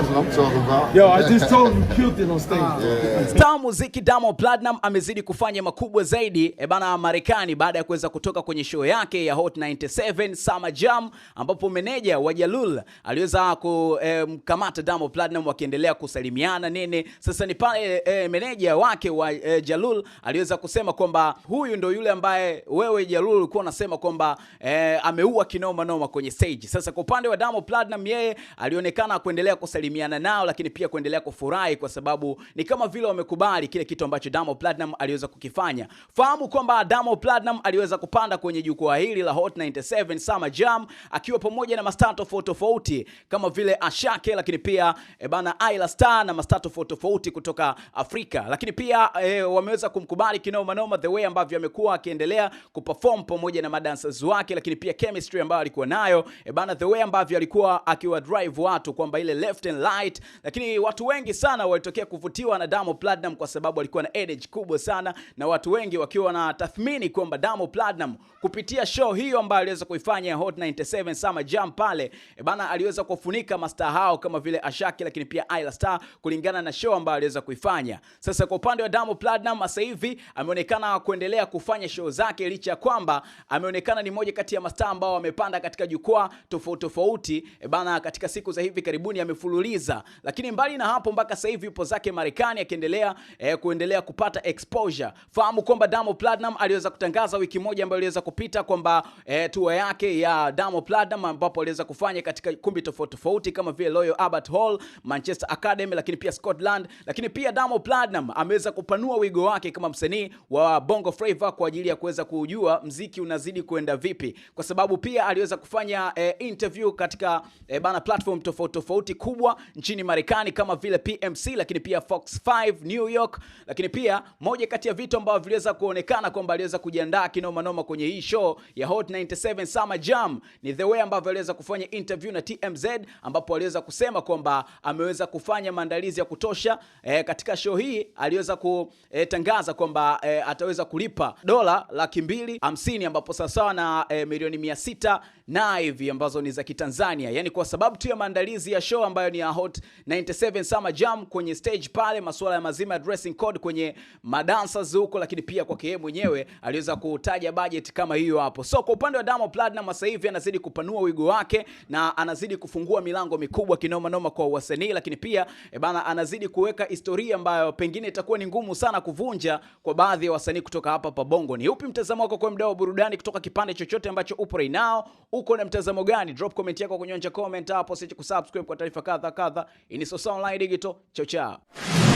That's what I'm ah. Star muziki Diamond Platnumz amezidi kufanya makubwa zaidi ebana eh, Marekani baada ya kuweza kutoka kwenye show yake ya Hot 97 Summer Jam ambapo meneja wa Jalul aliweza kumkamata eh, Diamond Platnumz wakiendelea kusalimiana nene. Sasa ni pale eh, meneja wake wa eh, Jalul aliweza kusema kwamba huyu ndo yule ambaye wewe Jalul ulikuwa unasema kwamba eh, ameua kinoma noma kwenye stage. Sasa kwa upande wa Diamond Platnumz yeye alionekana kuendelea kusalimiana kusalimiana nao, lakini pia kuendelea kufurahi kwa sababu ni kama vile wamekubali kile kitu ambacho Diamond Platinum aliweza kukifanya. Fahamu kwamba Diamond Platinum aliweza kupanda kwenye jukwaa hili la Hot 97 Summer Jam akiwa pamoja na mastaa tofauti tofauti kama vile Ashake, lakini pia e, bana Ayla Starr na mastaa tofauti tofauti kutoka Afrika, lakini pia e, wameweza kumkubali kinoma noma the way ambavyo amekuwa akiendelea kuperform pamoja na madancers wake, lakini pia chemistry ambayo alikuwa nayo e, bana the way ambavyo alikuwa akiwa drive watu kwamba ile left and Light, lakini watu wengi sana walitokea kuvutiwa na Diamond Platinum kwa sababu alikuwa na edge kubwa sana, na watu wengi wakiwa na tathmini kwamba Diamond Platinum kupitia show hiyo ambayo aliweza kuifanya Hot 97 Summer Jam pale e bana, aliweza kufunika mastaa hao kama vile Ashaki, lakini pia Ayla Star kulingana na show ambayo aliweza kuifanya. Sasa kwa upande wa Diamond Platinum, sasa hivi ameonekana kuendelea kufanya show zake licha ya kwamba ameonekana ni moja kati ya mastaa ambao wamepanda katika jukwaa tofauti tofauti e bana, katika siku za hivi karibuni amefululiza kusikiliza. Lakini mbali na hapo, mpaka sasa hivi yupo zake Marekani akiendelea eh, kuendelea kupata exposure. Fahamu kwamba Diamond Platinum aliweza kutangaza wiki moja ambayo iliweza kupita kwamba eh, tour yake ya Diamond Platinum ambapo aliweza kufanya katika kumbi tofauti tofauti kama vile Royal Albert Hall, Manchester Academy, lakini pia Scotland, lakini pia Diamond Platinum ameweza kupanua wigo wake kama msanii wa Bongo Flava kwa ajili ya kuweza kujua mziki unazidi kuenda vipi, kwa sababu pia aliweza kufanya eh, interview katika eh, bana platform tofauti tofauti kubwa nchini Marekani kama vile PMC, lakini pia Fox 5 New York, lakini pia moja kati ya vitu ambavyo viliweza kuonekana kwamba aliweza kujiandaa kinoma noma kwenye hii show ya Hot 97 Summer Jam ni the way ambavyo aliweza kufanya interview na TMZ, ambapo aliweza kusema kwamba ameweza kufanya maandalizi ya kutosha e, katika show hii aliweza kutangaza eh, kwamba e, ataweza kulipa dola laki mbili hamsini ambapo sawasawa na e, milioni mia sita na hivi ambazo ni za Kitanzania, yani kwa sababu tu ya maandalizi ya show ambayo ni ya ya Hot 97 Summer Jam kwenye stage pale, masuala ya mazima ya dressing code kwenye madancers huko, lakini pia kwa yeye mwenyewe aliweza kutaja budget kama hiyo hapo. So kwa upande wa Diamond Platnumz sasa hivi anazidi kupanua wigo wake na anazidi kufungua milango mikubwa kinoma noma kwa wasanii, lakini pia e bana, anazidi kuweka historia ambayo pengine itakuwa ni ngumu sana kuvunja kwa baadhi ya wasanii kutoka hapa pa Bongo. Ni upi mtazamo wako kwa mdau wa burudani kutoka kipande chochote ambacho upo right now? Uko na mtazamo gani? Drop comment yako kwenye comment hapo, usiache kusubscribe kwa taarifa kadha kadha. Hii ni Online Digital, chao chao.